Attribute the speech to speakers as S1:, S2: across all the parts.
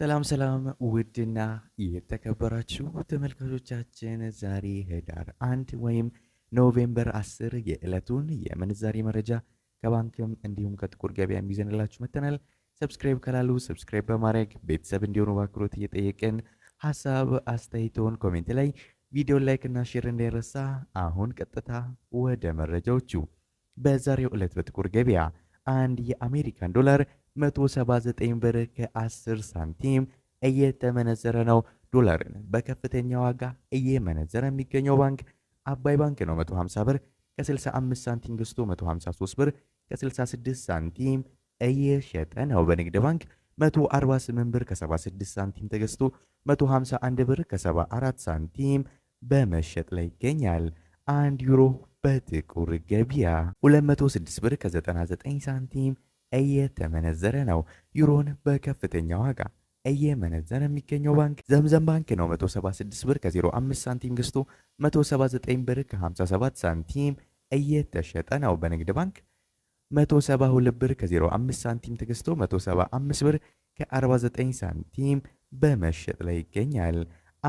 S1: ሰላም ሰላም ውድና የተከበራችሁ ተመልካቾቻችን ዛሬ ህዳር አንድ ወይም ኖቬምበር 10 የዕለቱን የምንዛሬ መረጃ ከባንክም እንዲሁም ከጥቁር ገበያ የሚዘንላችሁ መጥተናል። ሰብስክራይብ ካላሉ ሰብስክራይብ በማድረግ ቤተሰብ እንዲሆኑ በአክብሮት እየጠየቅን ሀሳብ አስተያየቶን ኮሜንት ላይ ቪዲዮ ላይክ እና ሼር እንዳይረሳ። አሁን ቀጥታ ወደ መረጃዎቹ። በዛሬው ዕለት በጥቁር ገበያ አንድ የአሜሪካን ዶላር 179 ብር ከ10 ሳንቲም እየተመነዘረ ነው። ዶላርን በከፍተኛ ዋጋ እየመነዘረ የሚገኘው ባንክ አባይ ባንክ ነው። 150 ብር ከ65 ሳንቲም ገዝቶ 153 ብር ከ66 ሳንቲም እየሸጠ ነው። በንግድ ባንክ 148 ብር ከ76 ሳንቲም ተገዝቶ 151 ብር ከ74 ሳንቲም በመሸጥ ላይ ይገኛል። አንድ ዩሮ በጥቁር ገቢያ 206 ብር ከ99 ሳንቲም እየተመነዘረ ነው። ዩሮን በከፍተኛ ዋጋ እየመነዘረ የሚገኘው ባንክ ዘምዘም ባንክ ነው። 176 ብር ከ05 ሳንቲም ገዝቶ 179 ብር ከ57 ሳንቲም እየተሸጠ ነው። በንግድ ባንክ 172 ብር ከ05 ሳንቲም ተገዝቶ 175 ብር ከ49 ሳንቲም በመሸጥ ላይ ይገኛል።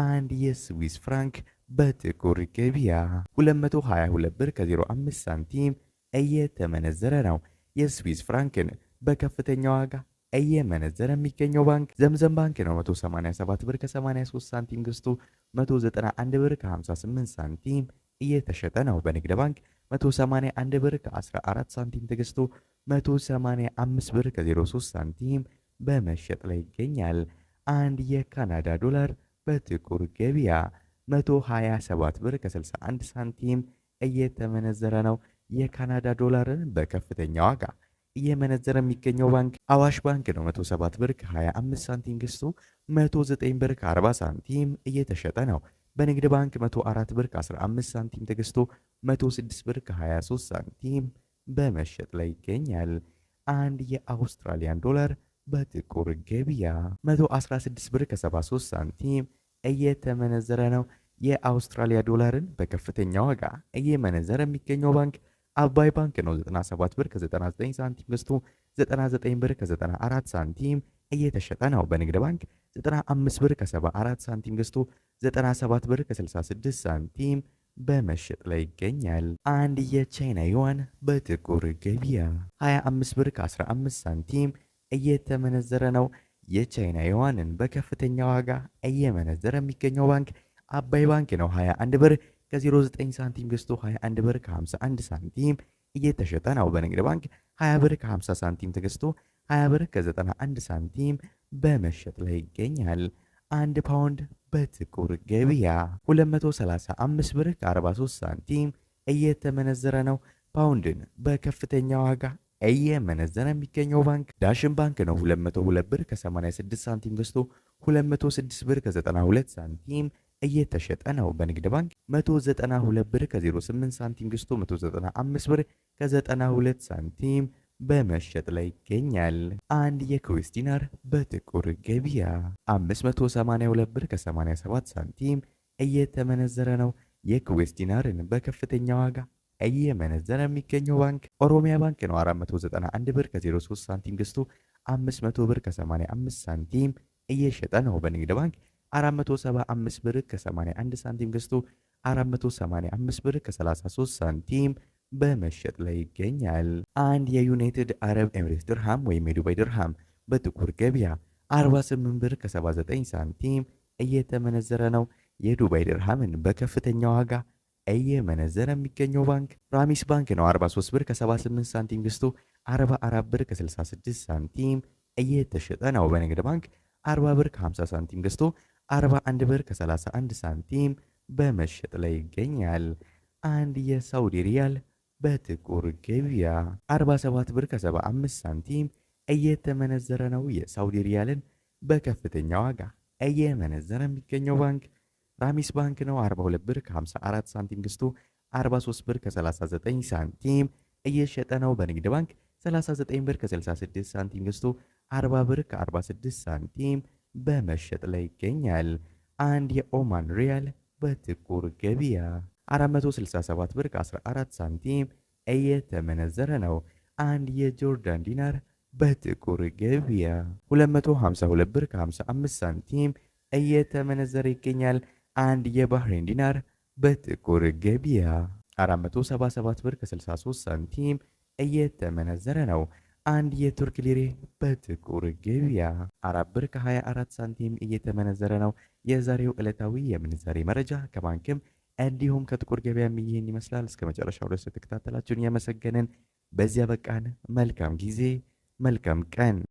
S1: አንድ የስዊስ ፍራንክ በጥቁር ገበያ 222 ብር ከ05 ሳንቲም እየተመነዘረ ነው። የስዊስ ፍራንክን በከፍተኛ ዋጋ እየመነዘረ የሚገኘው ባንክ ዘምዘም ባንክ ነው። 187 ብር ከ83 ሳንቲም ገዝቶ 191 ብር ከ58 ሳንቲም እየተሸጠ ነው። በንግድ ባንክ 181 ብር ከ14 ሳንቲም ተገዝቶ 185 ብር ከ03 ሳንቲም በመሸጥ ላይ ይገኛል። አንድ የካናዳ ዶላር በጥቁር ገበያ 127 ብር ከ61 ሳንቲም እየተመነዘረ ነው። የካናዳ ዶላርን በከፍተኛ ዋጋ እየመነዘረ የሚገኘው ባንክ አዋሽ ባንክ ነው። 107 ብር ከ25 ሳንቲም ገዝቶ 109 ብር ከ40 ሳንቲም እየተሸጠ ነው። በንግድ ባንክ 104 ብር ከ15 ሳንቲም ተገዝቶ 106 ብር ከ23 ሳንቲም በመሸጥ ላይ ይገኛል። አንድ የአውስትራሊያን ዶላር በጥቁር ገበያ 116 ብር ከ73 ሳንቲም እየተመነዘረ ነው። የአውስትራሊያ ዶላርን በከፍተኛ ዋጋ እየመነዘረ የሚገኘው ባንክ አባይ ባንክ ነው 97 ብር ከ99 ሳንቲም ገዝቶ 99 ብር ከ94 ሳንቲም እየተሸጠ ነው። በንግድ ባንክ 95 ብር ከ74 ሳንቲም ገዝቶ 97 ብር ከ66 ሳንቲም በመሸጥ ላይ ይገኛል። አንድ የቻይና ዩዋን በጥቁር ገበያ 25 ብር ከ15 ሳንቲም እየተመነዘረ ነው። የቻይና ዩዋንን በከፍተኛ ዋጋ እየመነዘረ የሚገኘው ባንክ አባይ ባንክ ነው 21 ብር ከ09 ሳንቲም ገዝቶ 21 ብር ከ51 ሳንቲም እየተሸጠ ነው። በንግድ ባንክ 20 ብር ከ50 ሳንቲም ተገዝቶ 20 ብር ከ91 ሳንቲም በመሸጥ ላይ ይገኛል። አንድ ፓውንድ በጥቁር ገበያ 235 ብር ከ43 ሳንቲም እየተመነዘረ ነው። ፓውንድን በከፍተኛ ዋጋ እየመነዘረ የሚገኘው ባንክ ዳሽን ባንክ ነው። 202 ብር ከ86 ሳንቲም ገዝቶ 206 ብር ከ92 ሳንቲም እየተሸጠ ነው። በንግድ ባንክ 192 ብር ከ08 ሳንቲም ገዝቶ 195 ብር ከ92 ሳንቲም በመሸጥ ላይ ይገኛል። አንድ የኩዌስ ዲናር በጥቁር ገበያ 582 ብር ከ87 ሳንቲም እየተመነዘረ ነው። የኩዌስ ዲናርን በከፍተኛ ዋጋ እየመነዘረ የሚገኘው ባንክ ኦሮሚያ ባንክ ነው። 491 ብር ከ03 ሳንቲም ገዝቶ 500 ብር ከ85 ሳንቲም እየሸጠ ነው። በንግድ ባንክ 475 ብር ከ81 ሳንቲም ገዝቶ 485 ብር ከ33 ሳንቲም በመሸጥ ላይ ይገኛል። አንድ የዩናይትድ አረብ ኤምሬት ድርሃም ወይም የዱባይ ድርሃም በጥቁር ገበያ 48 ብር ከ79 ሳንቲም እየተመነዘረ ነው። የዱባይ ድርሃምን በከፍተኛ ዋጋ እየመነዘረ የሚገኘው ባንክ ራሚስ ባንክ ነው። 43 ብር ከ78 ሳንቲም ገዝቶ 44 ብር ከ66 ሳንቲም እየተሸጠ ነው። በንግድ ባንክ 40 ብር ከ50 ሳንቲም ገዝቶ 41 ብር ከ31 ሳንቲም በመሸጥ ላይ ይገኛል። አንድ የሳውዲ ሪያል በጥቁር ገበያ 47 ብር ከ75 ሳንቲም እየተመነዘረ ነው። የሳውዲ ሪያልን በከፍተኛ ዋጋ እየመነዘረ የሚገኘው ባንክ ራሚስ ባንክ ነው። 42 ብር ከ54 ሳንቲም ገዝቶ 43 ብር ከ39 ሳንቲም እየሸጠ ነው። በንግድ ባንክ 39 ብር ከ66 ሳንቲም ገዝቶ 40 ብር ከ46 ሳንቲም በመሸጥ ላይ ይገኛል። አንድ የኦማን ሪያል በጥቁር ገበያ 467 ብር 14 ሳንቲም እየተመነዘረ ነው። አንድ የጆርዳን ዲናር በጥቁር ገበያ 252 ብር 55 ሳንቲም እየተመነዘረ ይገኛል። አንድ የባህሬን ዲናር በጥቁር ገበያ 477 ብር 63 ሳንቲም እየተመነዘረ ነው። አንድ የቱርክ ሊሬ በጥቁር ገበያ አራት ብር ከ24 ሳንቲም እየተመነዘረ ነው። የዛሬው ዕለታዊ የምንዛሬ መረጃ ከባንክም እንዲሁም ከጥቁር ገበያም ይህን ይመስላል። እስከ መጨረሻው ድረስ የተከታተላችሁን ያመሰገንን። በዚያ በቃን። መልካም ጊዜ፣ መልካም ቀን